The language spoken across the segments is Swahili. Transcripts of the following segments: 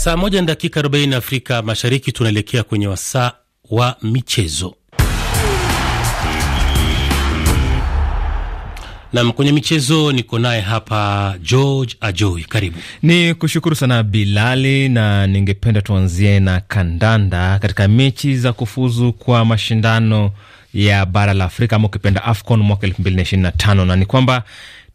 Saa moja na dakika 40 Afrika Mashariki, tunaelekea kwenye wasaa wa michezo. Nam, kwenye michezo niko naye hapa George Ajoi, karibu. Ni kushukuru sana Bilali, na ningependa tuanzie na kandanda katika mechi za kufuzu kwa mashindano ya bara la Afrika ama ukipenda AFCON mwaka elfu mbili na ishirini na tano na ni kwamba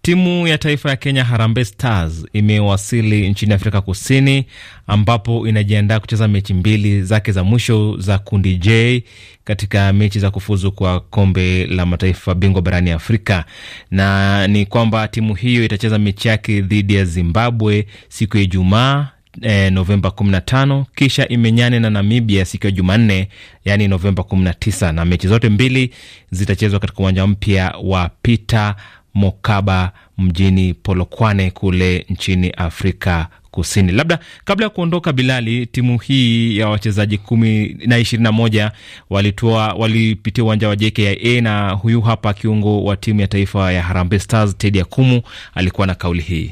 Timu ya taifa ya Kenya Harambee Stars imewasili nchini Afrika Kusini ambapo inajiandaa kucheza mechi mbili zake za mwisho za kundi J katika mechi za kufuzu kwa kombe la mataifa bingwa barani Afrika, na ni kwamba timu hiyo itacheza mechi yake dhidi ya Zimbabwe siku ya Ijumaa eh, Novemba 15 kisha imenyane na Namibia siku ya Jumanne, yani Novemba 19, na mechi zote mbili zitachezwa katika uwanja mpya wa Peter Mokaba mjini Polokwane kule nchini Afrika Kusini. Labda kabla ya kuondoka, Bilali, timu hii ya wachezaji kumi na ishirini na moja walitua walipitia uwanja wa JKIA na huyu hapa kiungo wa timu ya taifa ya Harambee Stars Tedi Akumu alikuwa na kauli hii.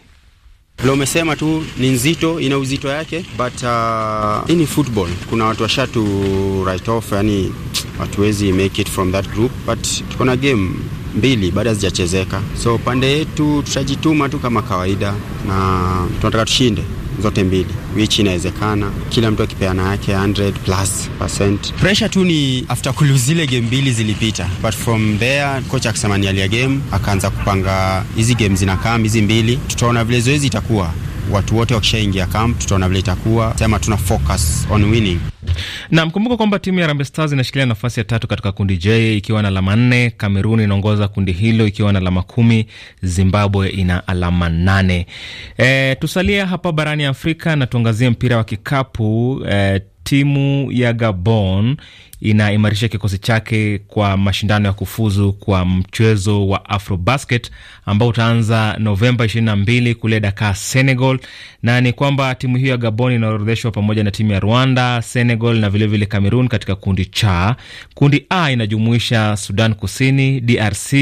Vile umesema tu ni nzito, ina uzito yake, but uh, ini football kuna watu washatu write off, yani hatuwezi make it from that group, but tuko na game mbili bado hazijachezeka. So pande yetu tutajituma tu kama kawaida, na tunataka tushinde zote mbili wichi inawezekana, kila mtu akipeana yake 100 plus percent. Pressure tu ni after kulu zile game mbili zilipita, but from there kocha akasema ni alia game, akaanza kupanga hizi game zinakaa hizi mbili, tutaona vile zoezi itakuwa watu wote wakishaingia camp, tutaona vile itakuwa sema, tuna focus on winning. Nam, kumbuka kwamba timu ya Harambee Stars inashikilia nafasi ya tatu katika kundi J ikiwa na alama nne. Kamerun inaongoza kundi hilo ikiwa na alama kumi. Zimbabwe ina alama nane. E, eh, tusalia hapa barani Afrika na tuangazie mpira wa kikapu e, timu ya Gabon inaimarisha kikosi chake kwa mashindano ya kufuzu kwa mchezo wa Afrobasket ambao utaanza Novemba 22 kule Dakar, Senegal. Na ni kwamba timu hiyo ya Gabon inaorodheshwa pamoja na timu ya Rwanda, Senegal na vilevile Cameroon katika kundi cha. Kundi A inajumuisha Sudan Kusini, DRC,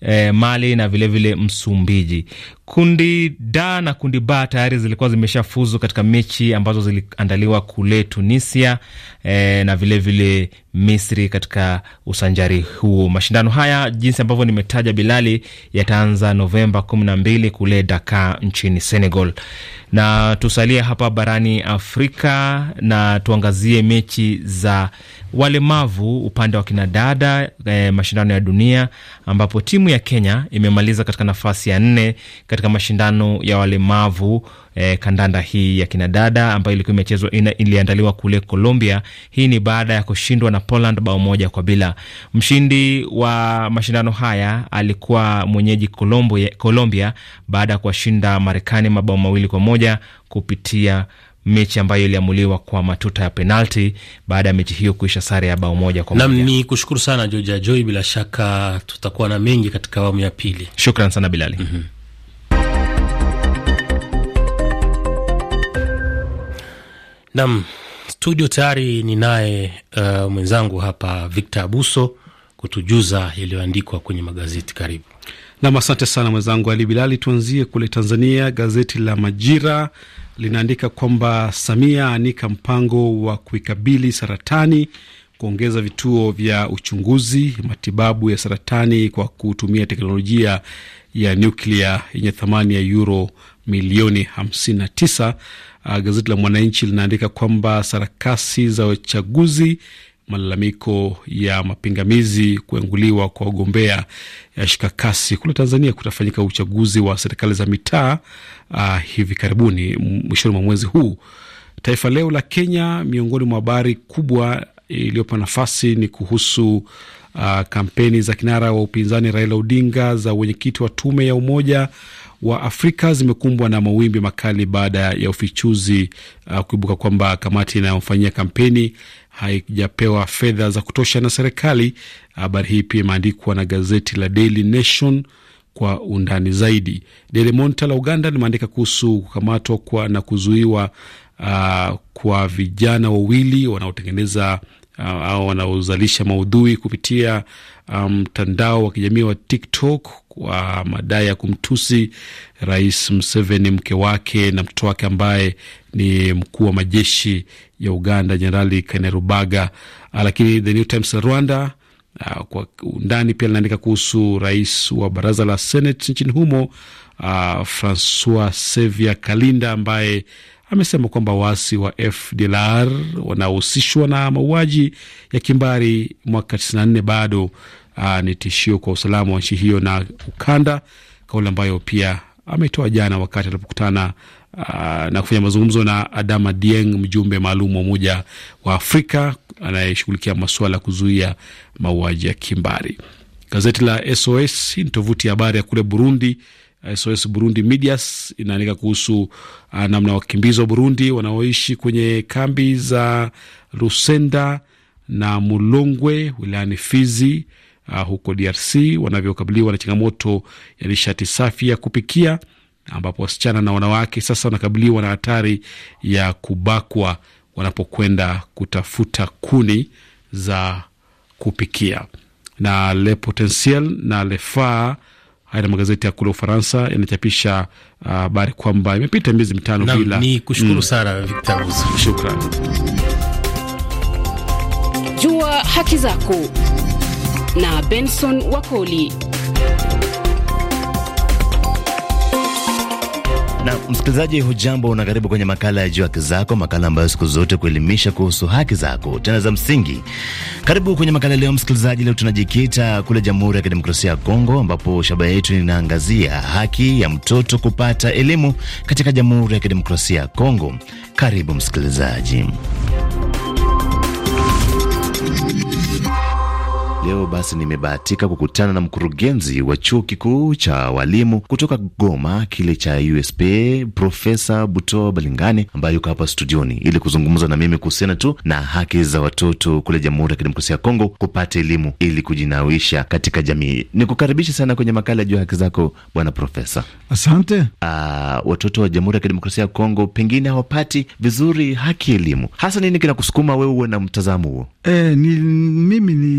eh, Mali na vilevile vile Msumbiji. Kundi D na kundi B tayari zilikuwa zimeshafuzu katika mechi ambazo ziliandaliwa kule Tunisia eh, na vilevile vile Misri katika usanjari huo. Mashindano haya jinsi ambavyo nimetaja Bilali, yataanza Novemba 12 kule Dakar nchini Senegal. Na tusalie hapa barani Afrika na tuangazie mechi za walemavu upande wa kinadada eh, mashindano ya dunia ambapo timu ya Kenya imemaliza katika nafasi ya nne katika mashindano ya walemavu eh, kandanda hii ya kinadada ambayo ilikuwa imechezwa iliandaliwa kule Colombia. Hii ni baada ya kushindwa na Poland bao moja kwa bila. Mshindi wa mashindano haya alikuwa mwenyeji eh, Colombia baada ya kuwashinda Marekani mabao mawili kwa moja kupitia mechi ambayo iliamuliwa kwa matuta ya penalti baada ya mechi hiyo kuisha sare ya bao moja kwa moja. Nam ni kushukuru sana Joja Joy, bila shaka tutakuwa na mengi katika awamu ya pili. Shukran sana Bilali. mm -hmm. Nam studio tayari ni naye uh, mwenzangu hapa Victor Abuso kutujuza yaliyoandikwa kwenye magazeti. Karibu nam. Asante sana mwenzangu Ali Bilali. Tuanzie kule Tanzania. Gazeti la Majira linaandika kwamba Samia anika mpango wa kuikabili saratani, kuongeza vituo vya uchunguzi matibabu ya saratani kwa kutumia teknolojia ya nuklia yenye thamani ya euro milioni 59. Uh, ah, gazeti la Mwananchi linaandika kwamba sarakasi za uchaguzi, malalamiko ya mapingamizi, kuenguliwa kwa wagombea ya shikakasi kule Tanzania. Kutafanyika uchaguzi wa serikali za mitaa uh, hivi karibuni mwishoni mwa mwezi huu. Taifa Leo la Kenya, miongoni mwa habari kubwa iliyopa nafasi ni kuhusu uh, kampeni za kinara wa upinzani Raila Odinga za wenyekiti wa tume ya umoja wa Afrika zimekumbwa na mawimbi makali baada ya ufichuzi uh, kuibuka kwamba kamati inayofanyia kampeni haijapewa fedha za kutosha na serikali. Habari hii pia imeandikwa na gazeti la Daily Nation kwa undani zaidi. Daily Monitor la Uganda limeandika kuhusu kukamatwa kwa na kuzuiwa uh, kwa vijana wawili wanaotengeneza uh, wanaozalisha maudhui kupitia um, mtandao um, wa kijamii wa TikTok kwa madai ya kumtusi Rais Museveni, mke wake na mtoto wake ambaye ni mkuu wa majeshi ya Uganda Jenerali Kainerubaga. Ah, lakini The New Times Rwanda ah, kwa undani pia linaandika kuhusu rais wa baraza la Senate nchini humo uh, Francois Sevia Kalinda ambaye amesema kwamba waasi wa FDLR wanaohusishwa na mauaji ya kimbari mwaka 94 bado uh, ni tishio kwa usalama wa nchi hiyo na ukanda, kauli ambayo pia ametoa jana wakati alipokutana uh, na kufanya mazungumzo na Adama Dieng, mjumbe maalum wa Umoja wa Afrika anayeshughulikia masuala ya kuzuia mauaji ya kimbari. Gazeti la SOS ni tovuti ya habari ya kule Burundi. SOS Burundi Medias inaandika kuhusu uh, namna wakimbizi wa Burundi wanaoishi kwenye kambi za Rusenda na Mulongwe wilayani Fizi uh, huko DRC wanavyokabiliwa na changamoto ya nishati safi ya kupikia, ambapo wasichana na wanawake sasa wanakabiliwa na hatari ya kubakwa wanapokwenda kutafuta kuni za kupikia. Na Le Potentiel na Le Phare Haya na magazeti ya kule Ufaransa yanachapisha ah, habari uh, kwamba imepita miezi mitano bila. Ni kushukuru mm, sana Victor shukran. Jua haki zako na Benson Wakoli. Na msikilizaji, hujambo na karibu kwenye makala ya Jua Haki Zako, makala ambayo siku zote kuelimisha kuhusu haki zako tena za msingi. Karibu kwenye makala leo msikilizaji. Leo tunajikita kule Jamhuri ya Kidemokrasia ya Kongo, ambapo shabaha yetu inaangazia haki ya mtoto kupata elimu katika Jamhuri ya Kidemokrasia ya Kongo. Karibu msikilizaji. Leo basi nimebahatika kukutana na mkurugenzi wa chuo kikuu cha walimu kutoka Goma kile cha USP, Profesa Butoa Balingane ambaye yuko hapa studioni ili kuzungumza na mimi kuhusiana tu na haki za watoto kule Jamhuri ya Kidemokrasia ya Kongo kupata elimu ili kujinawisha katika jamii. Nikukaribisha sana kwenye makala ya juu ya haki zako bwana profesa. Asante. Aa, ah, watoto wa Jamhuri ya Kidemokrasia ya Kongo pengine hawapati vizuri haki elimu, hasa nini kinakusukuma wewe uwe na mtazamo huo? E, ni, mimi ni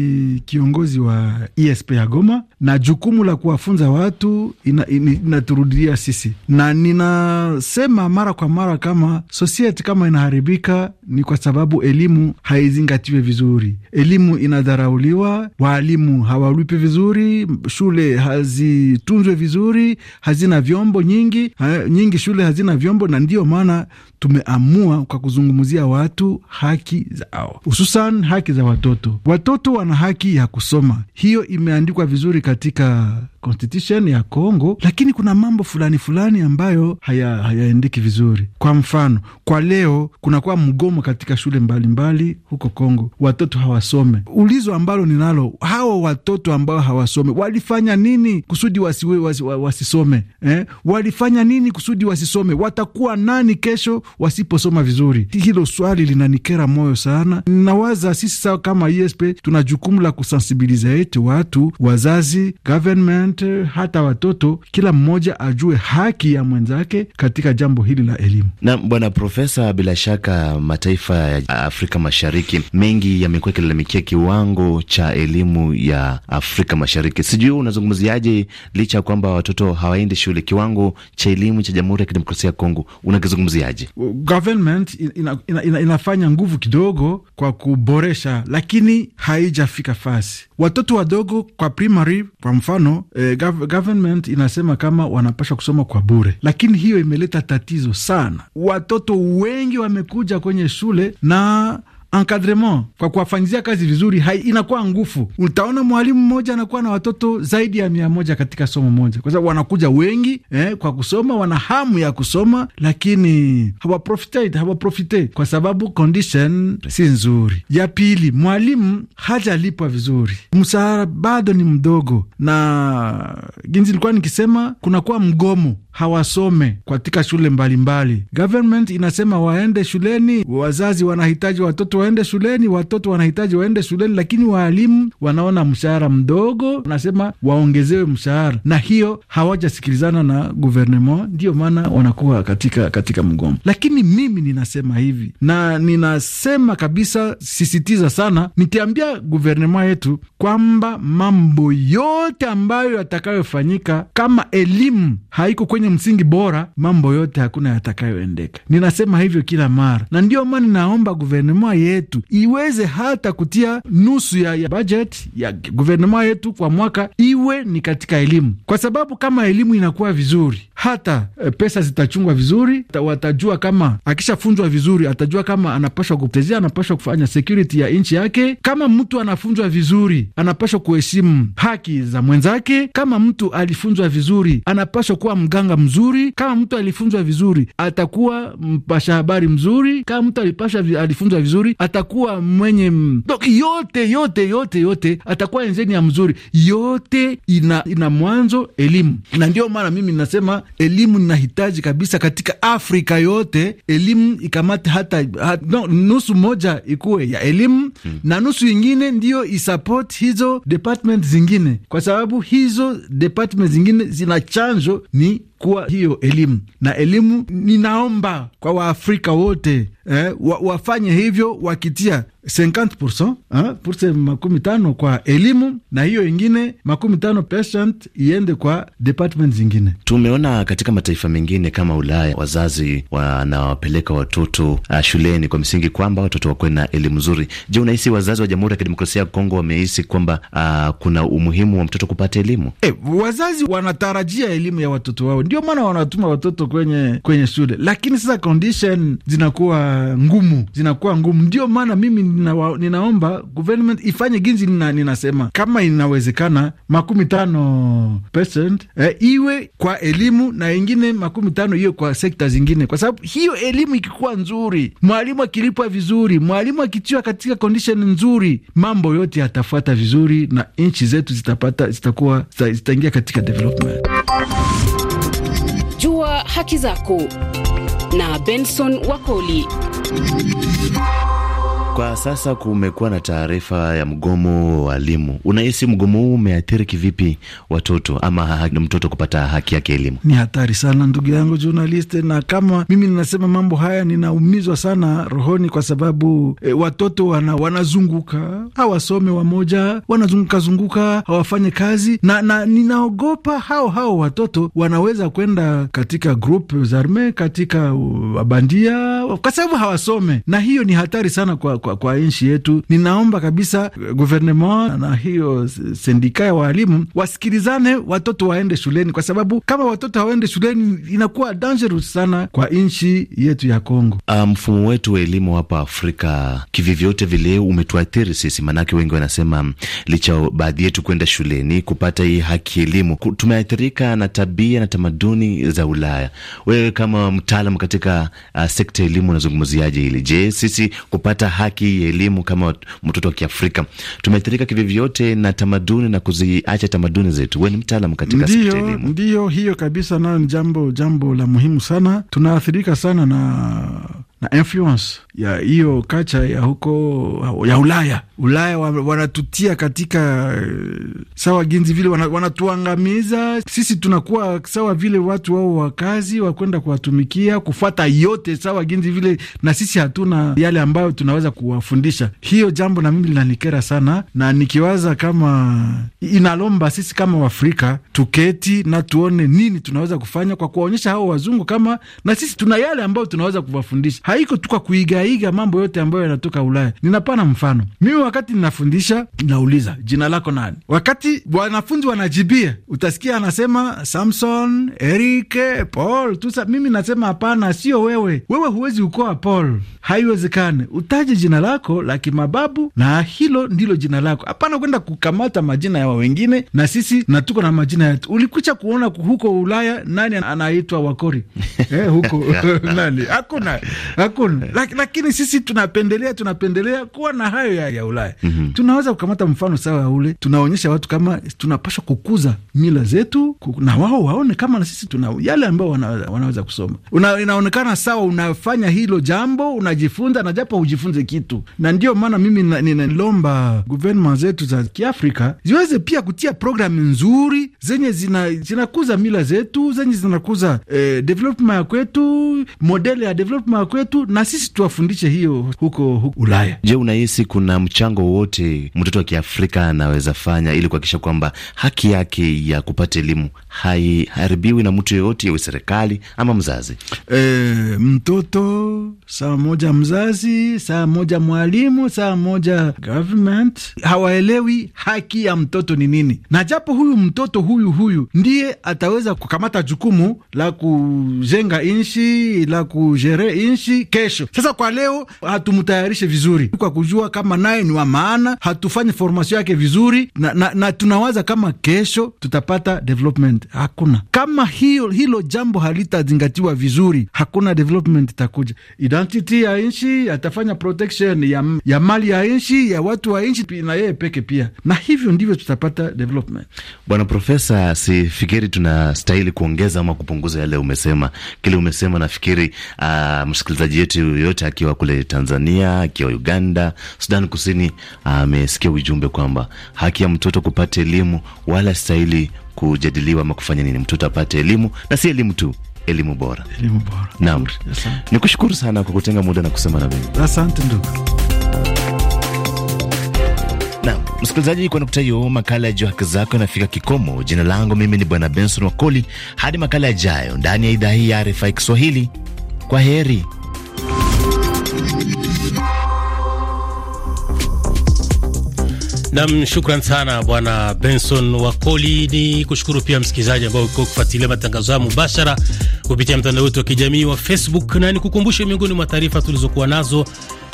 kiongozi wa ESP ya Goma, na jukumu la kuwafunza watu inaturudia ina, ina sisi, na ninasema mara kwa mara kama society kama inaharibika ni kwa sababu elimu haizingatiwe vizuri, elimu inadharauliwa, waalimu hawalipi vizuri, shule hazitunzwe vizuri, hazina vyombo nyingi ha, nyingi shule hazina vyombo, na ndiyo maana tumeamua kwa kuzungumzia watu haki zao, hususan haki za watoto. Watoto wana haki ya ya kusoma. Hiyo imeandikwa vizuri katika constitution ya congo lakini kuna mambo fulani fulani ambayo haya vizuri. Kwa mfano, kwa leo kunakuwa mgomo katika shule mbalimbali mbali, huko congo watoto hawasome. Ulizo ambalo ninalo, hawa watoto ambao hawasome walifanya nini kusudi wasiwe, wasi, wasisome eh? Walifanya nini kusudi wasisome? Watakuwa nani kesho wasiposoma vizuri? Hilo swali linanikera moyo sana. Nawaza sisi sawa kama sp tuna jukumu la kusensibiliza yetu watu, wazazi, government wote, hata watoto, kila mmoja ajue haki ya mwenzake katika jambo hili la elimu. Na bwana profesa, bila shaka mataifa ya Afrika Mashariki mengi yamekuwa yakilalamikia kiwango cha elimu ya Afrika Mashariki. Sijui unazungumziaje, licha ya kwamba watoto hawaendi shule, kiwango cha elimu cha Jamhuri ya Kidemokrasia ya Kongo unakizungumziaje? Government ina, ina, ina, inafanya nguvu kidogo kwa kuboresha, lakini haijafika fasi. Watoto wadogo kwa primary, kwa mfano e, eh, gov government inasema kama wanapasha kusoma kwa bure, lakini hiyo imeleta tatizo sana. Watoto wengi wamekuja kwenye shule na encadrement kwa kuwafanyizia kazi vizuri hai, inakuwa ngufu. Utaona mwalimu mmoja anakuwa na watoto zaidi ya mia moja katika somo moja, kwa sababu wanakuja wengi eh, kwa kusoma, wana hamu ya kusoma, lakini hawaprofite hawaprofite kwa sababu condition si nzuri. Ya pili, mwalimu hajalipwa vizuri, mshahara bado ni mdogo, na ginzi nilikuwa nikisema kunakuwa mgomo hawasome katika shule mbalimbali. Government inasema waende shuleni, wazazi wanahitaji watoto waende shuleni, watoto wanahitaji waende shuleni, lakini waalimu wanaona mshahara mdogo, wanasema waongezewe mshahara, na hiyo hawajasikilizana na gouvernement, ndiyo maana wanakuwa katika katika mgomo. Lakini mimi ninasema hivi na ninasema kabisa, sisitiza sana, nikiambia gouvernement yetu kwamba mambo yote ambayo yatakayofanyika kama elimu haiko kwenye usipofanya msingi bora, mambo yote hakuna yatakayoendeka. Ninasema hivyo kila mara, na ndiyo maana ninaomba guvernema yetu iweze hata kutia nusu ya, ya bajeti ya guvernema yetu kwa mwaka iwe ni katika elimu, kwa sababu kama elimu inakuwa vizuri, hata e, pesa zitachungwa vizuri. Watajua kama akishafunzwa vizuri, atajua kama anapashwa kutezea anapashwa kufanya security ya nchi yake. Kama mtu anafunzwa vizuri, anapashwa kuheshimu haki za mwenzake. Kama mtu alifunzwa vizuri, anapashwa kuwa mganga mwanga mzuri. Kama mtu alifunzwa vizuri, atakuwa mpasha habari mzuri. Kama mtu alipasha alifunzwa vizuri, atakuwa mwenye Dok, yote yote yote yote, atakuwa ya mzuri. Yote ina, ina mwanzo elimu, na ndio maana mimi nasema elimu inahitaji kabisa katika Afrika yote, elimu ikamate hata, hata no, nusu moja ikuwe ya elimu hmm, na nusu ingine ndiyo isupport hizo department zingine, kwa sababu hizo department zingine zina chanjo ni kuwa hiyo elimu na elimu. Ninaomba kwa Waafrika wote eh, wa, wafanye hivyo wakitia 50% ha, ces makumi tano kwa elimu na hiyo ingine makumi tano percent iende kwa department zingine. Tumeona katika mataifa mengine kama Ulaya wazazi wanawapeleka watoto uh, shuleni kwa msingi kwamba watoto wakuwe na elimu nzuri. Je, unahisi wazazi wa Jamhuri ya Kidemokrasia ya Kongo wamehisi kwamba uh, kuna umuhimu wa mtoto kupata elimu? E, wazazi wanatarajia elimu ya watoto wao, ndio maana wanatuma watoto kwenye kwenye shule, lakini sasa condition zinakuwa ngumu, zinakuwa ngumu, ndio maana mimi ninaomba government ifanye ginzi nina, ninasema kama inawezekana makumi tano percent, eh, iwe kwa elimu na ingine makumi tano iwe kwa sekta zingine, kwa sababu hiyo elimu ikikuwa nzuri, mwalimu akilipwa vizuri, mwalimu akitiwa katika condition nzuri, mambo yote yatafuata vizuri na nchi zetu zitapata zitakuwa zitaingia katika development. Jua haki zako na Benson Wakoli. Kwa sasa kumekuwa na taarifa ya mgomo wa walimu. Unahisi mgomo huu umeathiri kivipi watoto ama mtoto kupata haki yake elimu? Ni hatari sana, ndugu yangu journalist, na kama mimi ninasema mambo haya ninaumizwa sana rohoni, kwa sababu e, watoto wana, wanazunguka hawasome, wamoja wanazungukazunguka hawafanye kazi na, na ninaogopa hao hao watoto wanaweza kwenda katika group za arme katika wabandia, uh, kwa sababu hawasome, na hiyo ni hatari sana kwa kwa, kwa nchi yetu. Ninaomba kabisa eh, guvernema na hiyo sendika ya waalimu wasikilizane, watoto waende shuleni, kwa sababu kama watoto hawaende shuleni inakuwa dangerous sana kwa nchi yetu ya Kongo. Ah, mfumo um, wetu wa elimu hapa Afrika kivivyote vile umetuathiri sisi, maanake wengi wanasema licha baadhi yetu kwenda shuleni kupata hii haki elimu, tumeathirika na tabia na tamaduni za Ulaya. Wewe kama mtaalam katika uh, sekta ya elimu unazungumziaje hili? Je, sisi kupata haki haki ya elimu kama mtoto wa Kiafrika. Tumeathirika kivivyote na tamaduni na kuziacha tamaduni zetu. We ni mtaalam katika sekta elimu. Ndiyo hiyo kabisa, nayo ni jambo jambo la muhimu sana. Tunaathirika sana na na influence ya hiyo kacha ya huko ya Ulaya. Ulaya wanatutia katika eh, sawa ginzi vile, wanatuangamiza sisi, tunakuwa sawa vile watu wao wakazi wakwenda kuwatumikia kufuata yote sawa ginzi vile, na sisi hatuna yale ambayo tunaweza kuwafundisha. Hiyo jambo na mimi linanikera sana, na nikiwaza kama inalomba sisi kama Waafrika tuketi na tuone nini tunaweza kufanya kwa kuwaonyesha hao wazungu kama na sisi tuna yale ambayo tunaweza kuwafundisha haiko tuka kuigaiga mambo yote ambayo yanatoka Ulaya. Ninapana mfano mimi, wakati ninafundisha nauliza jina lako nani, wakati wanafunzi wanajibia, utasikia anasema Samson, Eric, Paul tusa. Mimi nasema hapana, sio wewe, wewe huwezi ukoa Paul, haiwezekani. Utaje jina lako la kimababu na hilo ndilo jina lako, hapana kwenda kukamata majina ya wengine, na sisi na tuko na majina yetu. Ulikucha kuona huko Ulaya nani anaitwa Wakori eh, huko nani hakuna hakuna eh. Lakini sisi tunapendelea tunapendelea kuwa na hayo ya, ya Ulaya mm -hmm. Tunaweza kukamata mfano sawa ule, tunaonyesha watu kama tunapashwa kukuza mila zetu, na wao waone kama na sisi tuna yale ambao wanaweza, wanaweza kusoma una, inaonekana sawa, unafanya hilo jambo unajifunza, na japo hujifunze kitu, na ndio maana mimi ninalomba guvernema zetu za Kiafrika ziweze pia kutia programu nzuri zenye zinakuza zina mila zetu zenye zinakuza eh, development ya kwetu modeli ya development ya kwetu wetu, na sisi tuwafundishe hiyo huko, huko Ulaya. Je, unahisi kuna mchango wowote mtoto wa Kiafrika anaweza fanya ili kuhakikisha kwamba haki yake ya kupata elimu haiharibiwi na mtu yoyote iwe serikali ama mzazi? E, mtoto saa moja mzazi, saa moja mwalimu, saa moja government hawaelewi haki ya mtoto ni nini, na japo huyu mtoto huyu huyu ndiye ataweza kukamata jukumu la kujenga nchi la kujere nchi kazi kesho. Sasa kwa leo hatumtayarishe vizuri kwa kujua kama naye ni wa maana, hatufanye formasio yake vizuri na, na, na tunawaza kama kesho tutapata development. Hakuna kama hiyo, hilo jambo halitazingatiwa vizuri, hakuna development itakuja. Identity ya nchi atafanya protection ya, ya mali ya nchi ya watu wa nchi na yeye peke pia, na hivyo ndivyo tutapata development. Bwana Profesa, sifikiri tunastahili kuongeza ama kupunguza yale umesema, kile umesema nafikiri uh, msikilizaji msikilizaji yetu yoyote akiwa kule Tanzania, akiwa Uganda, Sudan Kusini, amesikia ujumbe kwamba haki ya mtoto kupata elimu wala stahili kujadiliwa ama kufanya nini, mtoto apate elimu na si elimu tu elimu bora, elimu bora. Naam, ni kushukuru sana kwa kutenga muda na kusema na mimi, asante ndugu. Naam, msikilizaji, kwa nukta hiyo, makala ya Jua Haki Zako inafika kikomo. Jina langu mimi ni Bwana Benson Wakoli. Hadi makala yajayo ndani ya idhaa hii ya RFI Kiswahili, kwa heri. Nam, shukran sana Bwana Benson Wakoli. Ni kushukuru pia msikilizaji ambao uko kufuatilia matangazo haya mubashara kupitia mtandao wetu wa kijamii wa Facebook, na nikukumbushe miongoni mwa taarifa tulizokuwa nazo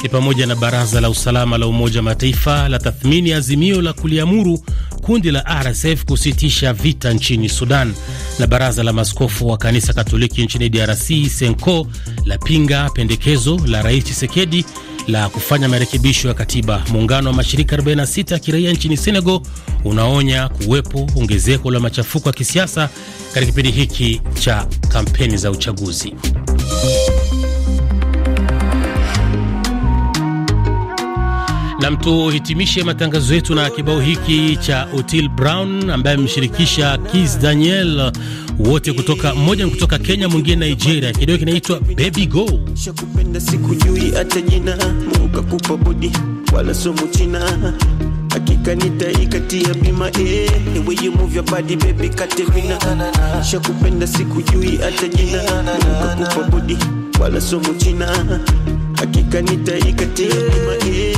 ni pamoja na Baraza la Usalama la Umoja wa Mataifa la tathmini azimio la kuliamuru kundi la RSF kusitisha vita nchini Sudan, na baraza la maskofu wa kanisa Katoliki nchini DRC Senko lapinga pendekezo la Rais chisekedi la kufanya marekebisho ya katiba. Muungano wa mashirika 46 ya kiraia nchini Senegal unaonya kuwepo ongezeko la machafuko ya kisiasa katika kipindi hiki cha kampeni za uchaguzi. Nam, tuhitimishe matangazo yetu na kibao hiki cha Otil Brown ambaye amemshirikisha Kizz Daniel, wote kutoka mmoja kutoka Kenya, mwingine Nigeria. Kidogo kinaitwa Baby Go. Shakupenda sikujui hata jina, Mungu kukubudi wala somo china hakika nitaikatia bima eh, the way you move your body baby katemina. Shakupenda sikujui hata jina, Mungu kukubudi wala somo china, hakika nitaikatia bima eh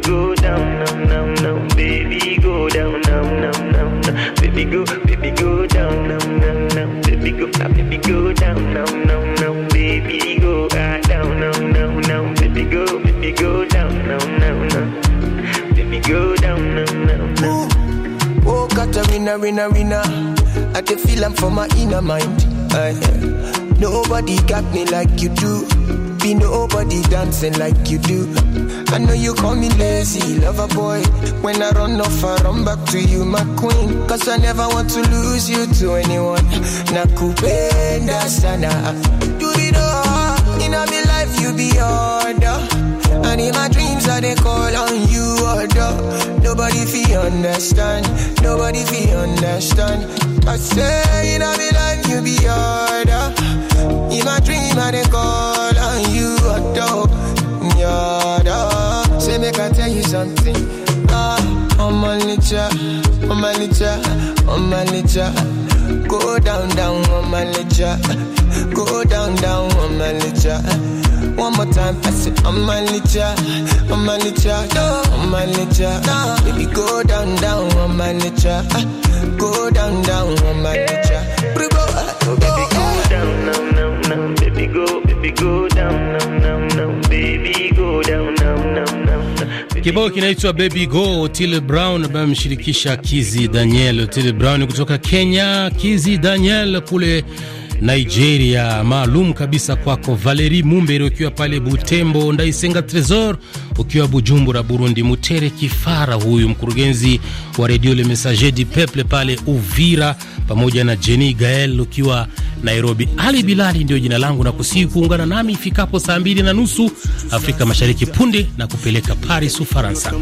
baby go down, down, down, down, baby go down, down, down, down, down, baby go, baby go down, down, down, down, baby go, ah, baby go down, down, down, down, baby go, ah, down, down, down, down, baby go, baby go down, down, down, down, baby go down, down, down, down. Oh, Katarina, Rina, Rina, I can feel I'm from my inner mind. I, nobody got me like you do. Be nobody dancing like you do I know you call me lazy, lover boy. When I run off, I run back to you, my queen. Cause I never want to lose you to anyone. Nakupenda sana. You be the heart, in my life you be harder. And in my dreams I they call on you order. Nobody feel understand, nobody feel understand. I say in my life you be harder. In my dream I they call on you order. Yeah something. Ah, I'ma on my licha, on my licha, on my licha. Go down, down i on my licha. Go down, down i on my licha. One more time, I say on my i am my licha, on my licha. Baby, go down, down i on my licha. Go down, down i on my licha. Baby, go down, down, down, down. Baby, go, baby, go down, down, down, down. Baby, go down, down, down. Kibao kinaitwa Baby Go, til Brown ambaye ameshirikisha Kizi Daniel. til Brown kutoka Kenya, Kizi Daniel kule Nigeria. Maalum kabisa kwako Valeri Mumbere ukiwa pale Butembo, Ndaisenga Tresor ukiwa Bujumbura Burundi, Mutere Kifara huyu mkurugenzi wa redio Le Messager du Peuple pale Uvira, pamoja na Jeni Gael ukiwa Nairobi. Ali Bilali ndio jina langu na kusihi kuungana nami ifikapo saa mbili na nusu Afrika Mashariki punde na kupeleka Paris, Ufaransa.